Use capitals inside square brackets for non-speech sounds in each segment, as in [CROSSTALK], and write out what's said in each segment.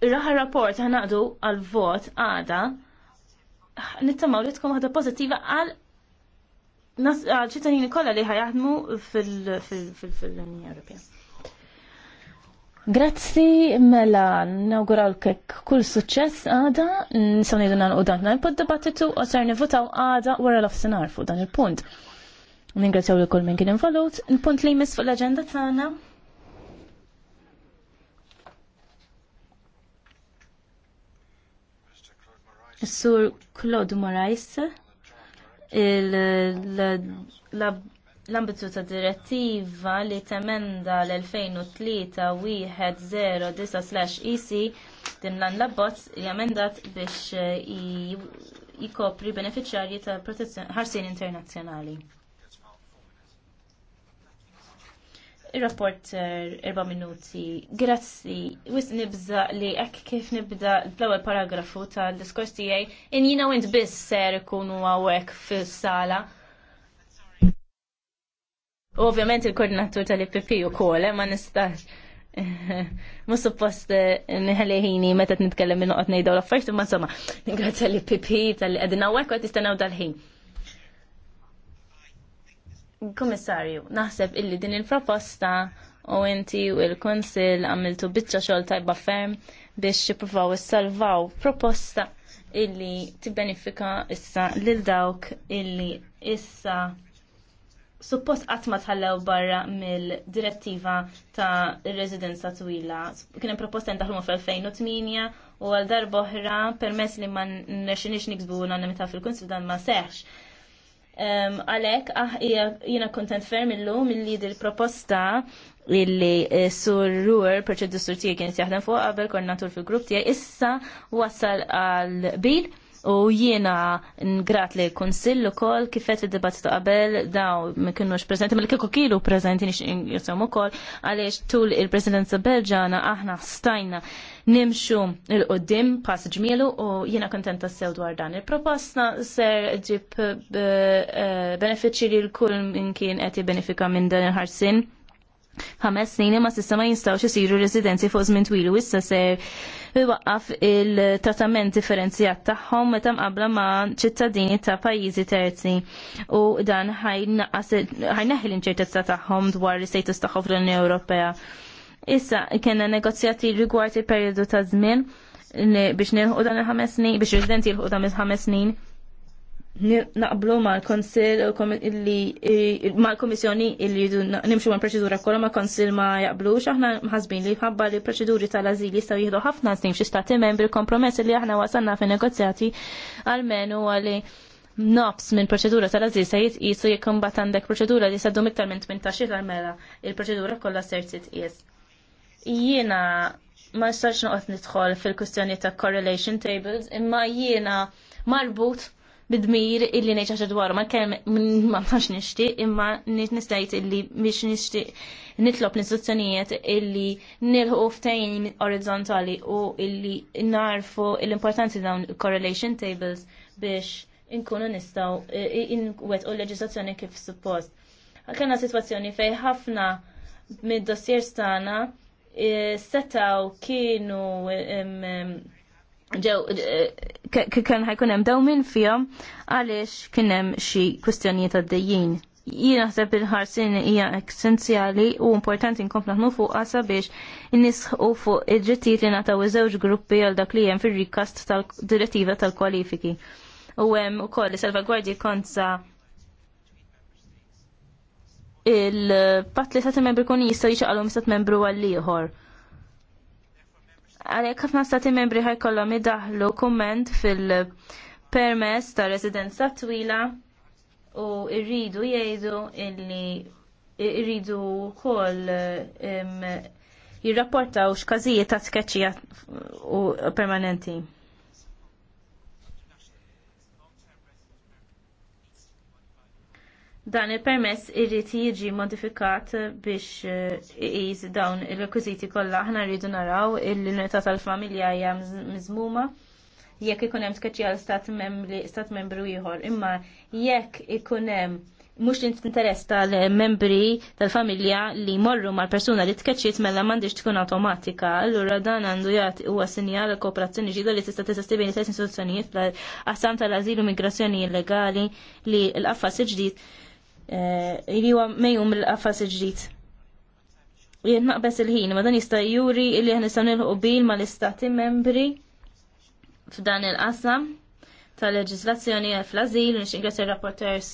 Ir-raħar rapport ħanaqdu għal-vot għada nittamaw li tkun ħadha pozittiva għal ċittadini kollha li ħajadmu fil-Unjoni Ewropea. Grazzi mela nawguralkek kull suċċess għada, nisaw ngħidu nagħlqu dan il-pod-dibattitu u ser nivutaw għada wara l-ofsinhar fuq dan il-punt. Ningrazzjaw li kull minn kien involut, il-punt li jmiss fuq l-aġenda tagħna Sur Claude Morais, l-ambitu ta' direttiva li temenda l-2003 wieħed 09-EC din lan l-abbozz jamendat biex jikopri beneficjarji ta' protezzjoni ħarsien internazzjonali. Il-rapporter erba minuti. Grazzi. wisq nibza li hekk kif nibda l-ewwel paragrafu tad diskors tiegħi in jiena wint biss ser ikunu hawnhekk fis-sala. Ovvjament il-koordinatur tal-IPP ukoll eh, ma nistax. [LAUGHS] Mu suppost eh, nħalliħini meta nitkellem minn noqgħod nejdaw l-affarijiet imma somma. [LAUGHS] Grazzi l-IPP tal-qegħdin għawek u qed istanaw dal-ħin. Komissarju, naħseb illi din il-proposta u inti u il-Konsil għamiltu bitċa xol tajba ferm biex jipruvaw salvaw proposta illi tibbenifika issa lil dawk illi issa suppost għatma tħallew barra mill-direttiva ta' residenza twila. Kienem proposta ndaħluma fl-2008 u għal darboħra permess li ma' nerxinix nikzbu l meta fil-Konsil dan ma' seħx Għalek, ah, jina kontent ferm illum illi dil-proposta illi eh, sur ruwer proċeddu sur tijie kienet jaħdem fuq qabel koordinatur fil-grupp tijek issa wasal għal bil U jiena ngrat li konsill u ukoll kifet id-dibattitu qabel daw ma kienux prezenti, ma li kieku kilu nix jisom ukoll għaliex tul il-Presidenza Belġana aħna stajna nimxu il-qoddim pass ġmielu u jiena kontenta sew dwar dan. Il-proposta ser ġib eh, benefiċi li l-kull minn kien qed jibbenefika minn dan il-ħarsin ħames snin imma s'issa ma jistgħux isiru residenzi fuq żmien u issa ser iwaqqaf il-trattament differenzjat tagħhom meta mqabbla ma' ċittadini ta' pajjiżi terzi u dan ħajneħi l-inċertezza tagħhom dwar l-istatus tagħhom fl-Unjoni Ewropea. Issa kena negozjati rigward il-perjodu ta' żmien biex nilħu dan il-ħames snin, biex residenti jilħu dan il-ħames snin naqblu mal-konsil illi mal-komissjoni illi jridu nimxu mal proċedura kollha ma' konsil ma jaqblux aħna mħazbin li ħabba li proċeduri tal azili jistgħu jieħdu ħafna snin f'xi stati membri kompromess li aħna wasalna fin negozjati għalmenu għalli nofs minn proċedura tal-azil se jitqisu jekk imbagħad għandek proċedura li saddu iktar minn 18 għal-mela il-proċedura kollha ser titqies. Jiena ma sarx noqgħod nidħol fil-kwistjoni ta' correlation tables imma jiena marbut bidmir illi nejċa dwaru ma kem ma max nishti, imma nit nistajt illi biex nishti nitlob l istruzzjonijiet illi nilħu ftejn orizzontali u illi narfu l-importanti dawn correlation tables biex inkunu nistaw wet u l-leġislazzjoni kif suppost. Kena situazzjoni fej ħafna mid-dossier stana eh, setaw kienu ġew kien ħajkun hemm dawn minn fihom għaliex kien hemm xi kwistjonijiet għaddejjin. Jien naħseb il-ħarsin hija essenzjali u importanti nkomplu naħnu fuqha sabiex innisħu fuq id-drittijiet li nataw iż-żewġ gruppi għal dak li hemm fir-rikast tal-direttiva tal-kwalifiki. U hemm ukoll salvagwardji konza il-pat li sat membru kun jistgħu jixaqalhom sat membru għal ieħor Għalhekk ħafna stati membri ħajkollhom idaħlu kumment fil-permess ta' residenza twila u rridu jgħidu illi irridu wkoll jirrapportaw x'każijiet ta' tkeċċija u permanenti. dan il-permess irrid jiġi modifikat biex eh, iqis dawn il-rekwiżiti kollha. Aħna rridu naraw il-unità tal-familja hija miżmuma jekk ikun hemm tkeċċi għal stat membri stat membru ieħor. Imma jekk ikun hemm mhux l-interess tal-membri tal-familja li morru mal-persuna li tkeċċiet mela m'għandix tkun awtomatika, allura dan għandu jagħti huwa sinjal kooperazzjoni ġida li tista' tista' bejn tliet istituzzjonijiet bħal tal-ażil u migrazzjoni illegali li l-qaffas ġdid Eh, Iri huwa mejjum mill-qafas ġdid. Jien naqbes il-ħin, ma dan jista' juri illi aħna nistgħu nilħu bil mal-istati membri f'dan il-qasam tal-leġislazzjoni fl-azil, nix ingrazzi rapporters,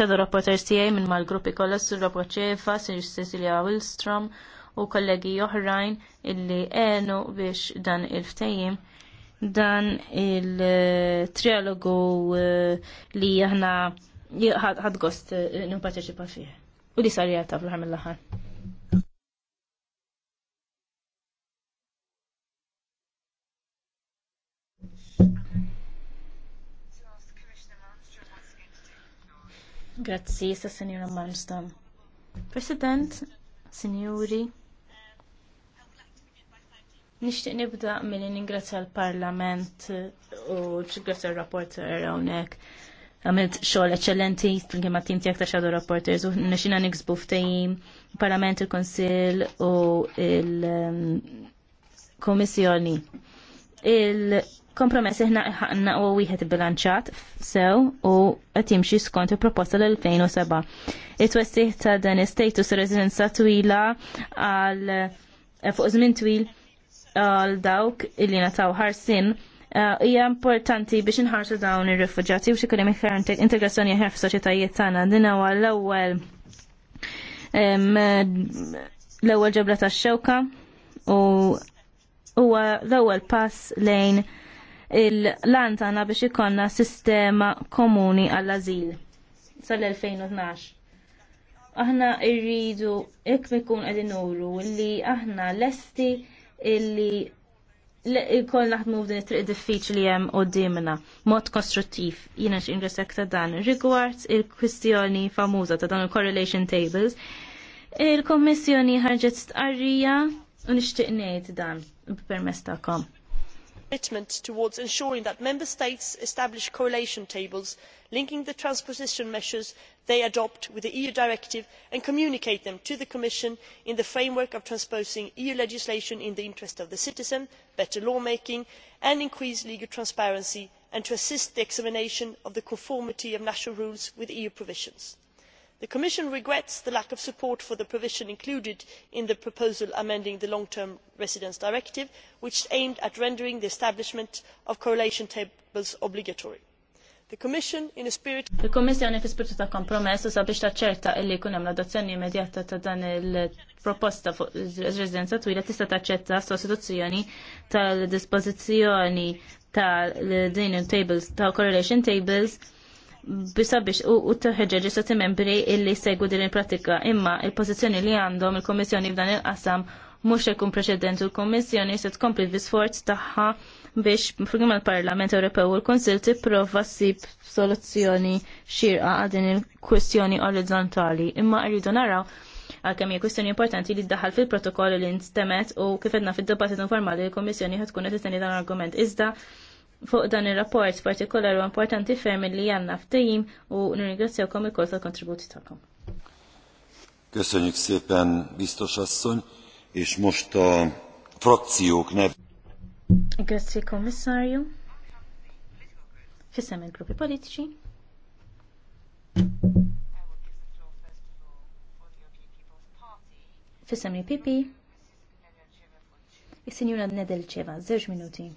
xadu rapporters tijaj minn mal gruppi kollha sur rapport ċefa, sur Cecilia Wilstrom u kollegi oħrajn illi għenu biex dan il-ftejim dan il-trialogu eh, li jahna ħad gost eh, n-parteċipa fih. U li sar jgħata fl-ħar mill-ħar. Grazzi, sa' Senjura Malmstam. President, Senjuri, Nishtiq nibda mill ningrazzja l-Parlament eh, u ġigrazzja l-rapporter hawnhekk għamilt xogħol eċċellenti flimkien ma' tim tiegħek ta' Shadow Reporters u nexxina niksbu ftehim parlament il konsil u il-Komissjoni. Il-kompromess iħna ħaqna u wieħed bilanċat sew u qed jimxi skont il-proposta l-2007. It-twessih ta' dan is-status residenza twila għal eh, fuq żmien twil għal dawk illi nataw ħarsin Eh, hija importanti biex inħarsu dawn ir-refuġjati u xi kemm integrazzjoni ħer f soċjetajiet tagħna. Din huwa l-ewwel l-ewwel ġebla tax-xewka u huwa l-ewwel pass lejn il-lan tagħna biex ikonna sistema komuni għall-ażil sal-2012. Aħna rridu jekk ikun qegħdin nuru li aħna lesti illi kol naħdmu f'din it-triq diffiċli hemm qudiemna mod kostruttiv jiena x'ingressek ta' dan rigward il-kwistjoni famuża ta' dan il-correlation tables. Il-Kommissjoni ħarġet stqarrija u nixtieq ngħid dan b'permess tagħkom commitment towards ensuring that member states establish correlation tables linking the transposition measures they adopt with the eu directive and communicate them to the commission in the framework of transposing eu legislation in the interest of the citizen better law making and increased legal transparency and to assist the examination of the conformity of national rules with eu provisions the commission regrets the lack of support for the provision included in the proposal amending the long term residence directive which aimed at rendering the establishment of correlation tables obligatory. the commission in a spirit il-Kummissjoni fi ta' kompromess sabiex taċċerta li jkun hemm l-adozzjoni immedjata ta' dan il-proposta fuq residenza twila tista' taċċetta sostituzzjoni tal-dispożizzjoni tal din tables tal correlation tables bisa biex u t-ħeġġa ġisati membri illi segu din il-pratika imma il-pozizjoni li għandhom il-Komissjoni f'dan il-qasam mux jekun preċedent u l-Komissjoni se tkompli l-sforz tagħha biex fil parlament Ewropew u l-Konsil tipprova ssib soluzzjoni xirqa għal din il-kwestjoni orizzontali. Imma rridu naraw kemm hija kwestjoni importanti li ddaħal fil-protokoll li nstemet u kif edna fid-dibattit informali l-Komissjoni ħad tkun qed dan l-argument. Iżda fuq dan il-rapport partikolari u importanti ferm li għanna f'tejjim u n-ringrazzjawkom nirringrazzjawkom ikoll tal-kontributi tal-kom. Köszönjük szépen, biztos asszony, és most a frakciók nev. Grazie, kommissario. Köszönöm il-gruppi politici. Fissem il-PP. Il-Signora Nedelceva, 10 minuti.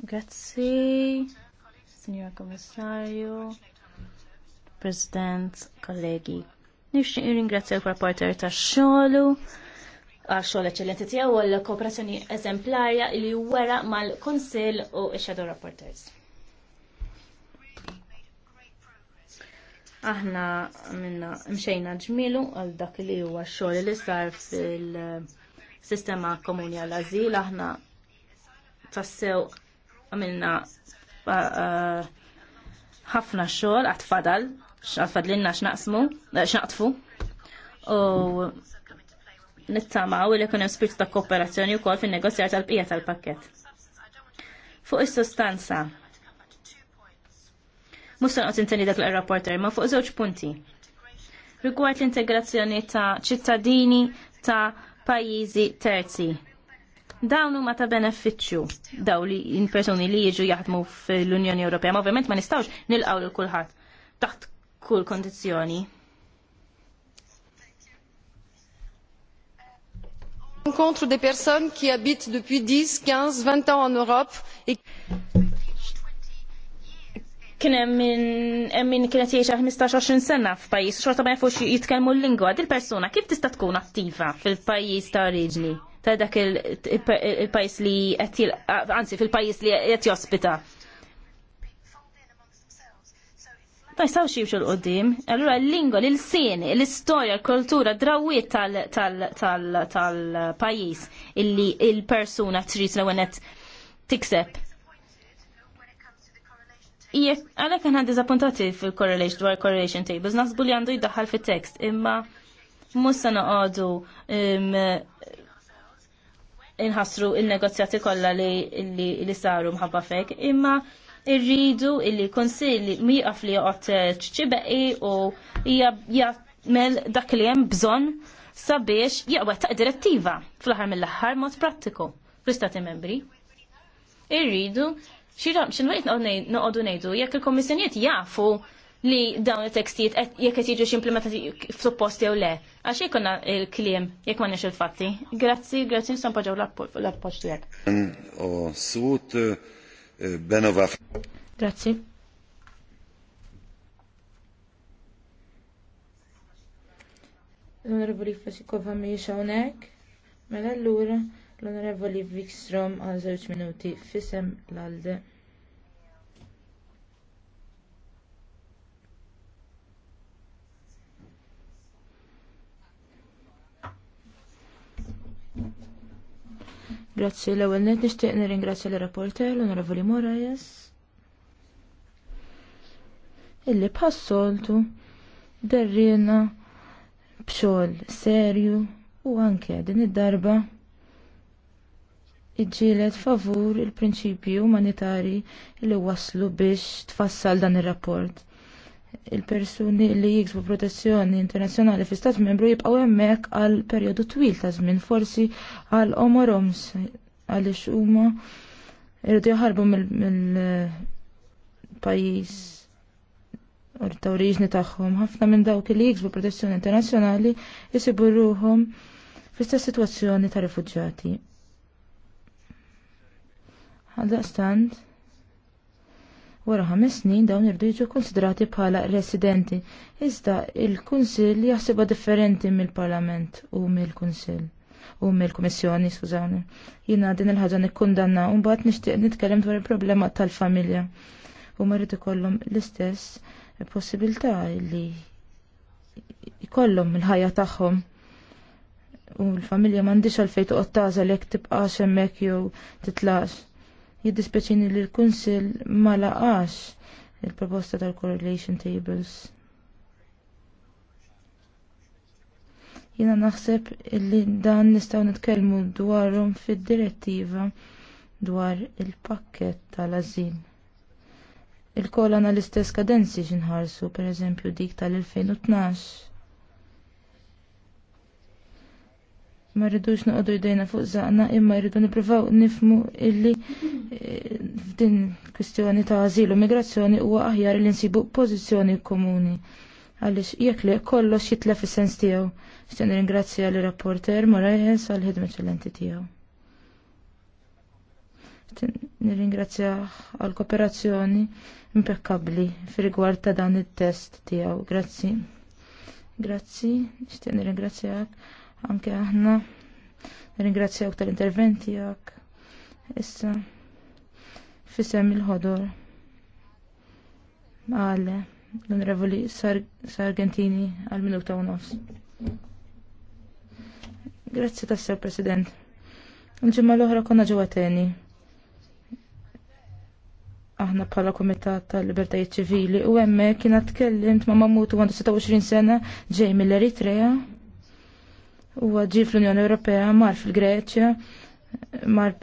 Grazzi, Signor Kommissarju, President, kollegi. Nixtieq ringrazzja l-rapporter tax-xogħlu għal xogħol eċċellenti tiegħu għal kooperazzjoni eżemplarja li wera mal-Kunsill u x-Shadow Rapporters. Aħna minna mxejna ġmilu għal dak li huwa x-xogħol li sar fil-sistema komuni għall-azil aħna tassew għamilna eh, ħafna xogħol għat fadal, għat fadlinna x'naqsmu, eh, x'naqtfu. U nittamaw li kunem hemm spirit ta' kooperazzjoni wkoll fin-negozjat tal-bqija tal-pakkett. Fuq is-sostanza. Mhux se noqgħod inteni dak l-rapporter, ma fuq żewġ punti. Rigward l-integrazzjoni ta' ċittadini ta' pajjiżi terzi dawn huma ta' benefiċċju daw li in-persuni li jiġu jaħdmu fl-Unjoni Ewropea. Ma ovvjament ma nistgħux nilqgħu lil kulħadd taħt kull kondizzjoni. rencontre des personnes qui habitent depuis 10, 15, 20 ans en Europe et kien hemm min kienet jgħixha 15-20 sena f'pajjiż u xorta ma jafux jitkellmu l-lingwa. Dil persuna kif tista' tkun attiva fil-pajjiż ta' oriġni? ta' dak il-pajis li qed anzi fil-pajis li qed jospita. Ma jistaw jimxu l-qoddim, allura l-lingol, l-sien, l-istoria, l-kultura, drawiet tal-pajis illi il-persuna trid la għenet tikseb. Ijek, għalek għan għandi fil-correlation dwar correlation tables, nasbu li għandu jiddaħħal fit-tekst, imma musa naqadu inħassru il-negozjati kollha li li saru mħabba fek, imma irridu illi konsilli miqaf li joqgħod eh, ċibeqi u hija jagħmel dak li hemm bżonn sabiex jaqwet ta' direttiva fl-aħħar mill-aħħar mod prattiku fl-istati membri. Irridu xi xinwejt noqogħdu ngħidu jekk il-kommissjonijiet jafu li dawn il tekstijiet jekk qed jiġux ximplementati f'suppost jew le. Għax hekk konna l-kliem jekk m'għandniex il-fatti. Grazzi, grazzi nsempa ġew l-appoġġ tiegħek. Eh, Benova. Grazzi. L-Onorevoli Fasikova mhijiex hawnhekk. Mela allura l-Onorevoli Vikstrom għal żewġ minuti fisem l-alde. Grazzi l-ewwel net nixtieq nirringrazzja l-rapporter l-Onorevoli Moraes. Illi bħassoltu derrina bxol serju u anke din id-darba iġġielet favur il-prinċipji umanitari li waslu biex tfassal dan ir-rapport il-persuni li jiksbu protezzjoni internazzjonali fi stat membru jibqgħu hemmhekk għal perjodu twil ta' żmien, forsi għal omoroms għaliex huma irridu jaħarbu mill-pajjiż ta' oriġni tagħhom. Ħafna minn dawk li jiksbu protezzjoni internazzjonali jisibu ruhom fl-istess sitwazzjoni ta' rifuġġati. Għal daqstant, Wara ħames snin dawn irdu jiġu konsidrati bħala residenti, iżda il-Kunsill jaħsibha differenti mill-Parlament u mill-Kunsill u mill-Kummissjoni, skużawni. Jiena din il-ħaġa nikkundanna u mbagħad nixtieq nitkellem dwar il-problema tal-familja. U marrid ikollhom l-istess possibilità li jkollhom il-ħajja tagħhom u l-familja m'għandix għalfejn tuqottaza li jekk tibqax emmek jew titlaqx. Jiddispjaċini li l-Kunsil ma laqax il-proposta tal-correlation tables. Jiena naħseb li dan nistgħu nitkellmu dwarhom fid-direttiva dwar il-pakket tal-azil. il kola għana l-istess kadenzi xinħarsu, pereżempju dik tal-2012. ma rridux noqogħdu jdejna fuq zaqna imma rridu nippruvaw nifmu illi eh, f'din kwistjoni ta' azilu migrazzjoni huwa aħjar li nsibu pożizzjoni komuni. Għaliex jekk li kollox jitlef is-sens tiegħu. Xtien ringrazzja li rapporter Morajes għal ħidma eċċellenti tiegħu. ringrazzja għal kooperazzjoni impeccabli fi rigward ta' dan it-test tiegħu. Grazzi. Grazzi, xtien nirringrazzjak Anke aħna ringrazzjawk tal-interventi jak. Issa fissem il-ħodor. Għalle, l-onorevoli Sargentini għal-minuta u nofs. Grazzi sew President. Nġimma l-oħra konna teni. Aħna bħala Komitat tal-Libertajiet Ċivili u hemmhekk kien kellimt ma' Mamutu għandu 26 sena ġej mill-Eritrea u ġi fl-Unjoni Ewropea mar fil-Greċja, mar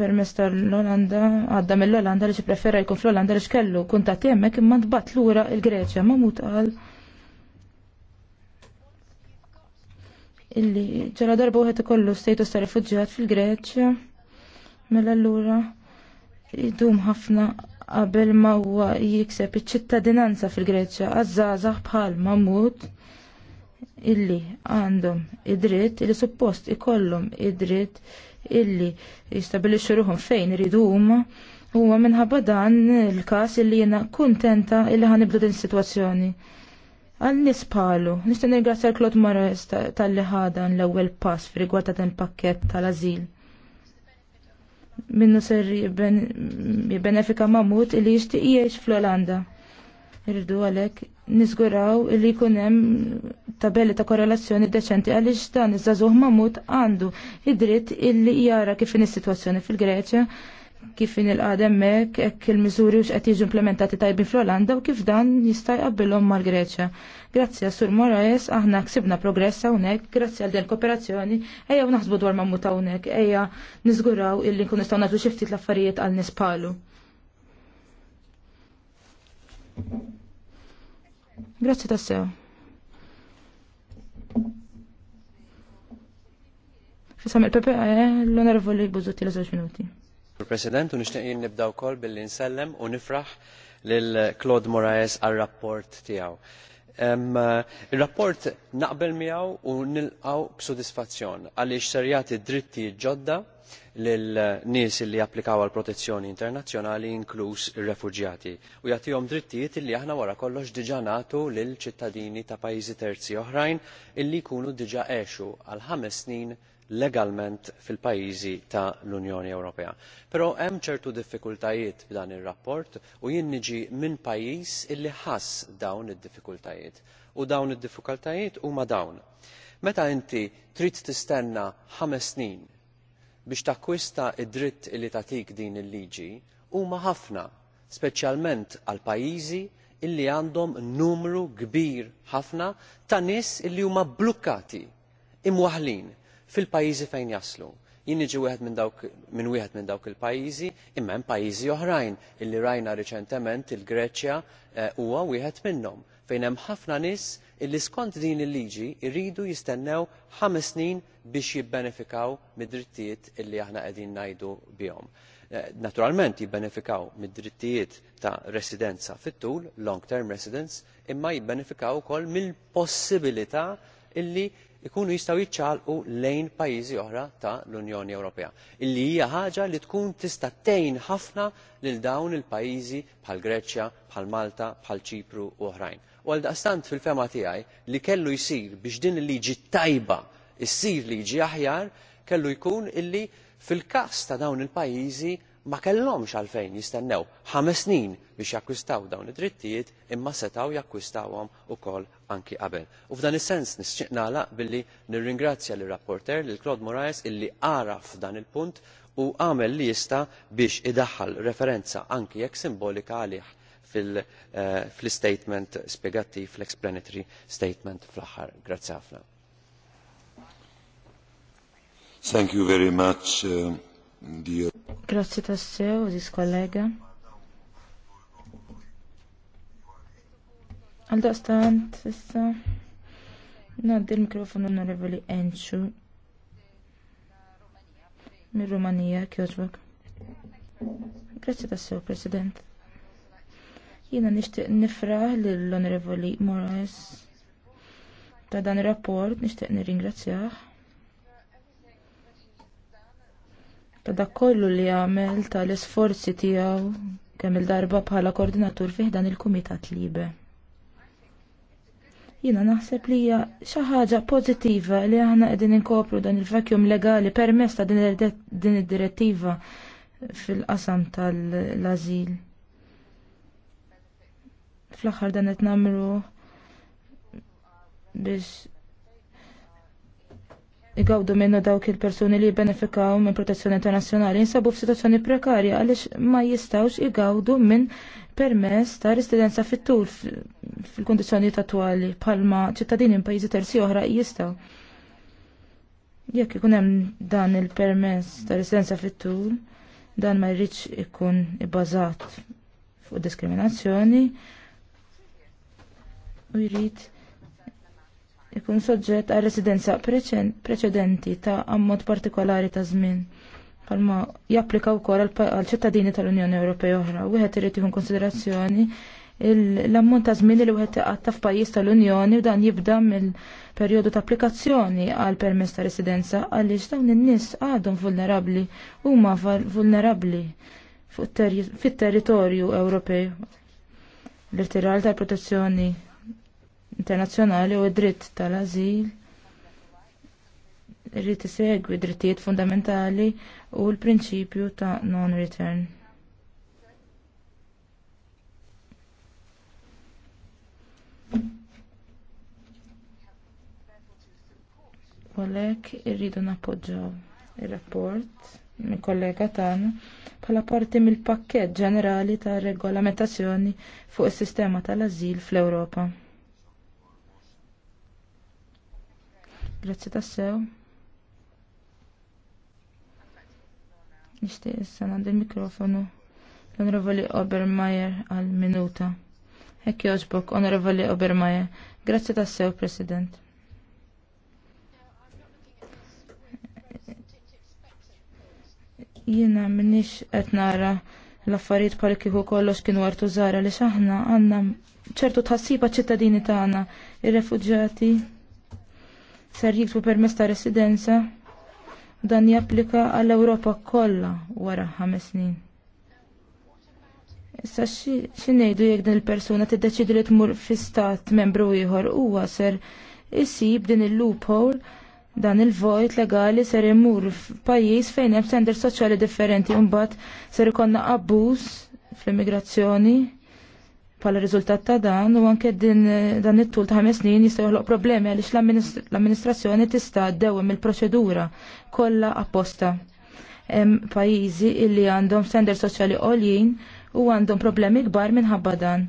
permess tal-Olanda, għadda mill-Olanda li xiprefera jkun fl-Olanda li xkellu, kun ta' temmek imma tbat lura il-Greċja, ma mut għal. Illi ġara darba uħet ikollu status ta' rifugġat fil-Greċja, mela allura idum ħafna qabel ma huwa jikseb iċ-ċittadinanza fil-Greċja, għazzazax bħal ma' mut illi għandhom id-dritt illi suppost ikollhom id-dritt illi jistabilixxu ruhom fejn iridu huma huwa minħabba dan il-każ illi jiena kuntenta illi ħanibdu din is-sitwazzjoni. Għal nispalu, nista' nirgrazzja Klod Mares tal-li ħadan l-ewwel pass fi rigward ta' dan pakket pakkett tal-ażil. Minnu ser jibbenefika mamut illi jixtieq jgħix fl-Olanda. Irridu għalhekk nizguraw li kunem tabelli ta' korrelazzjoni deċenti għaliex dan iż-żagħżugħ mamut għandu id-dritt illi jara kif in is-sitwazzjoni fil-Greċja kif in il-qadem mek, ekk il-mizuri ux jiġu implementati tajbin fl-Olanda u kif dan jista' jqabbilhom mal-Greċja. Grazzi għal Sur Moraes, aħna ksibna progress hawnhekk, grazzi għal din kooperazzjoni, ejja u naħsbu dwar mamut hawnhekk, ejja niżguraw illi nkun nistgħu nagħtu xi ftit l-affarijiet għal nispalu. Grazie tassew. Fisam il-PPE, eh, l-onorevoli Buzutti l żewġ minuti. President, u nishtiqin nibdaw kol billi nsellem u nifraħ lil Claude Moraes għal-rapport tijaw. Eh, Ir-rapport naqbel miegħu u nilqgħu b'sodisfazzjon għaliex ser jagħti drittijiet ġodda lil nies li applikaw għal protezzjoni internazzjonali inkluż ir-refuġjati u jagħtihom drittijiet li aħna wara kollox diġà nagħtu lil ċittadini ta' pajjiżi terzi oħrajn illi jkunu diġà għexu għal ħames snin legalment fil pajjiżi ta' l-unjoni ewropea però hemm ċertu diffikultajiet f'dan ir-rapport u jien niġi minn pajjiż illi ħass dawn id-diffikultajiet u dawn id-diffikultajiet huma dawn meta inti trid tistenna ħames snin biex takkwista id dritt li tagħtik din il-liġi huma ħafna speċjalment għal pajjiżi illi għandhom numru kbir ħafna ta' nies illi huma blukkati imwaħħlin fil-pajjiżi fejn jaslu. Jien niġi wieħed minn dawk minn wieħed minn dawk il-pajjiżi, imma hemm pajjiżi oħrajn illi rajna riċentement il-Greċja eh, huwa wieħed minnhom fejn hemm ħafna nies illi skont din il-liġi jridu jistennew ħames snin biex jibbenefikaw mid-drittijiet illi aħna qegħdin ngħidu bihom. Eh, naturalment jibbenefikaw mid-drittijiet ta' residenza fit-tul, long term residence, imma jibbenefikaw ukoll mill-possibilità illi ikunu jistgħu jiċċaqalqu lejn pajjiżi oħra ta' l-Unjoni Ewropea illi hija ħaġa li tkun tista' tgħin ħafna lil dawn il-pajjiżi bħal Greċja, bħal Malta, bħal Ċipru u oħrajn. U għaldaqstant fil-fema tiegħi li kellu jsir biex din il-liġi tajba ssir liġi aħjar kellu jkun illi fil-każ ta' dawn il-pajjiżi ma kellhomx għalfejn jistennew ħames snin biex jakkwistaw dawn id-drittijiet imma setgħu jakkwistawhom ukoll anki qabel. U f'dan is-sens nixtieq nagħlaq billi nirringrazzja lir rapporter lil Claude Moraes illi ara f'dan il-punt u għamel li jista' biex idaħħal referenza anki jekk simbolika għalih eh, fl statement spjegattiv fl explanatory statement fl aħħar Grazzi ħafna. Thank you very much, uh, dear. Grazzi tassew, ziz kollega. Għaldaqstant, issa, naddi l-mikrofonu onorevoli Enxu mir-Rumanija, Grazie Grazzi te, President. Jina nishtiq nifraħ l-onorevoli Morales ta' dan rapport rapport nishtiq nirringrazzjaħ ta' dak kollu li għamel tal-isforzi tiegħu kemm il-darba bħala koordinatur fih dan il-Kumitat Libe. Jiena naħseb li hija xi ħaġa pożittiva li aħna qegħdin inkopru dan il-vakjum legali permezz ta' din id-direttiva fil-qasam tal ażil Fl-aħħar dan qed nagħmlu biex igawdu minnu dawk il-persuni li jibbenefikaw minn protezzjoni internazzjonali jinsabu f'sitwazzjoni prekarja għaliex ma jistawx igawdu minn permess ta' residenza fit-tul fil-kondizzjoni attwali bħalma ċittadini minn pajjiżi terzi oħra jistgħu. Jekk ikun hemm dan il-permess ta' residenza fit-tul, dan ma jridx ikun ibbażat fuq diskriminazzjoni u jrid ikun soġġett għal residenza preċedenti ta' ammont partikolari ta' żmien palma japplika wkoll għal ċittadini tal-Unjoni Ewropea oħra. Wieħed irid jieħu konsiderazzjoni l-ammont ta' żmien li wieħed iqatta f'pajjiż tal-Unjoni u dan jibda mill-perjodu ta' applikazzjoni għal permess ta' residenza għaliex dawn in-nies għadhom vulnerabbli huma vulnerabbli fit-territorju Ewropej. L-irtiral tal-protezzjoni internazzjonali u dritt tal-azil irrid isegwi drittijiet fundamentali u l-prinċipju ta' non-return. għalhekk irridu nappoġġaw ir rapport minn kollega tagħna bħala parti mill-pakkett ġenerali ta' regolamentazzjoni fuq is-sistema tal-ażil fl-Ewropa. Grazzi tassew. Nishtiq issa għandi il mikrofonu l-Onorevoli Obermeyer għal-minuta. Hekk joġbok, Onorevoli Obermeyer. Grazzi tassew, President. Jiena minnix qed nara l-affarijiet bħal kieku kollox kienu zara li xaħna għandna ċertu tħassiba ċittadini tagħna ir refugġati ser jiksbu permess ta' residenza dan japplika għall ewropa kollha wara ħames snin. Issa xi ngħidu jekk din il-persuna tiddeċidi li tmur fi stat membru ieħor huwa ser isib din il-loophole dan il-vojt legali ser imur f'pajjiż fejn hemm standard soċjali differenti u mbagħad ser ikonna abbuż fl-immigrazzjoni Pala riżultat ta' dan u anke din dan it-tul ta' ħames snin jista' joħloq problemi għaliex l-amministrazzjoni tista' ddewwem il-proċedura kollha apposta. Hemm pajjiżi illi għandhom standard soċjali għoljin u għandhom problemi kbar minħabba dan.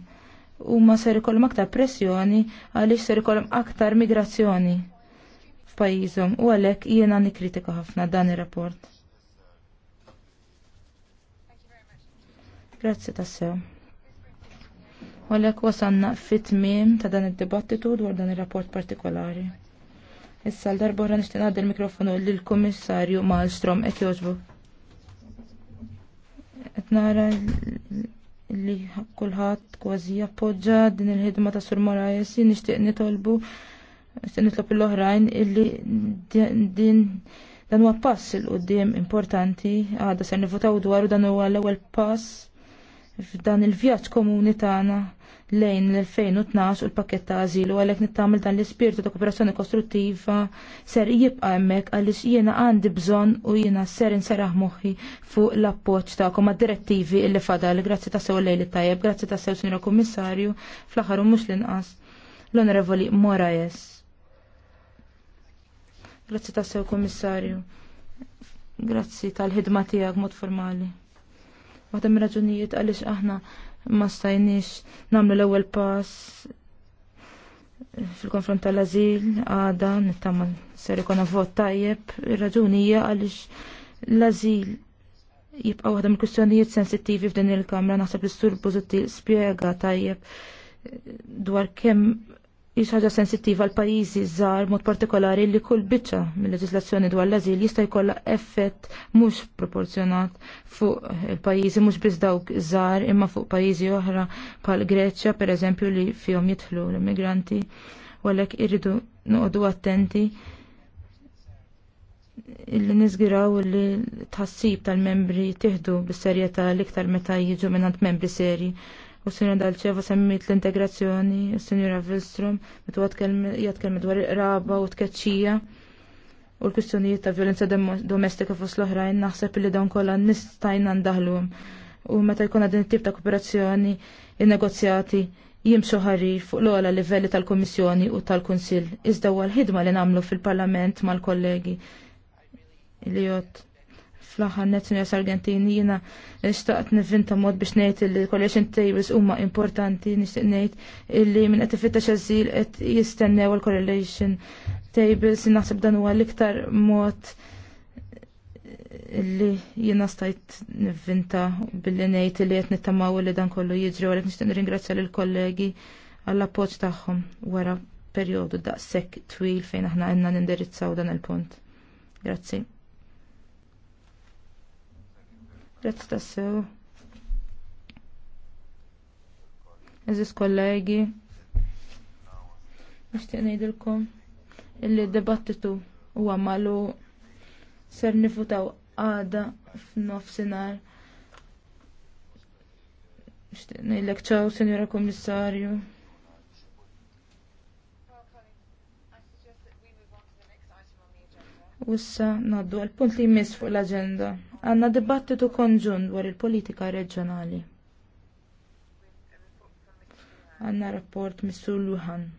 U ma ser ikollhom aktar pressjoni għaliex ser ikollhom aktar migrazzjoni f'pajjiżhom u għalhekk jiena nikkritika ħafna dan ir-rapport. Grazzi tassew. U għalhekk wasanna fit-tmiem ta' dan id-dibattitu dwar dan ir-rapport partikolari. Issa l għra nixtieq għad l-mikrofonu lill-Kummissarju Malmstrom qed jogħġbu. Qed nara li kulħadd kważi appoġġa din il-ħidma ta' Sur Morajesi nixtieq nitolbu nixtieq nitlob l-oħrajn illi din dan huwa pass il qudiem importanti għadha se nivotaw dwaru dan huwa l-ewwel pass f'dan il-vjaġġ komuni tagħna lejn l-2012 u l-pakket ta' azilu għalek nittamil dan l-ispirtu ta' kooperazzjoni kostruttiva ser jibqa' hemmhekk għaliex jiena għandi bżonn u jiena ser inseraħ moħħi fuq l-appoġġ tagħkom għad-direttivi li fadal. Grazzi ta' sew lejli tajjeb, grazzi ta' sew sinjor Kummissarju, fl-aħħar mhux linqas. inqas l-Onorevoli Moraes. Grazzi ta' sew Kummissarju. Grazzi tal-ħidma tiegħek mod formali. Waħda raġunijiet għaliex aħna ma stajniex nagħmlu l-ewwel pass fil-konfront tal-azil għada nittama ser ikon vot tajjeb, ir għalix għaliex l-azil jibqa' waħda mill-kwistjonijiet sensittivi f'din il-kamra naħseb l-Istur Bużuttil spjega tajjeb dwar kemm Ix ħaġa sensittiva l pajjiżi żgħar mod partikolari li kull biċċa mill-leġislazzjoni dwar l-ażil jista' jkollha effett mhux proporzjonat fuq il-pajjiżi mhux biss dawk żgħar imma fuq pajjiżi oħra bħal Greċja pereżempju li fihom jidħlu l-immigranti u għalhekk irridu noqogħdu attenti illi nizgiraw li tħassib tal-membri tiħdu bis-serjetà l-iktar meta jiġu minnant membri seri u s-sinjura Dalċeva semmit l-integrazzjoni, u s-sinjura Vilstrom, metu jatkelmet dwar il-qraba u tkeċċija u l-kustjonijiet ta' violenza domestika fos l-oħrajn, naħseb li dawn kollha nistajna ndaħluhom. U meta jkun din it-tip ta' kooperazzjoni, il negozjati jimxu ħarir fuq l-ola livelli tal-Komissjoni u tal-Kunsill. Iżda huwa l-ħidma li nagħmlu fil-Parlament mal-kollegi li jgħod fl-aħħar nazzjonali Argentini jiena xtaqt nivvinta mod biex ngħid li collection tables huma importanti nixtieq ngħid illi minn qed ifittex eżil qed jistennew il-correlation tables naħseb dan huwa l-iktar mod illi jiena stajt nivvinta billi ngħid li qed nittamaw li dan kollu jiġri għalhekk nixtieq nirringrazzja lill-kollegi għall-appoġġ tagħhom wara perjodu daqshekk twil fejn aħna għandna nindirizzaw dan il-punt. Grazzi. Grazzi tassew. Eżis kollegi, nishtiq ngħidilkom illi d-debattitu huwa malu ser nifutaw għada f'nofsinhar. Nishtiq ngħidlek ċaw, Sinjora Kommissarju. U ngħaddu naddu punt li jmiss fuq l-agenda. Għanna dibattitu konġun dwar il-politika reġjonali. Għanna rapport Missur Luhan.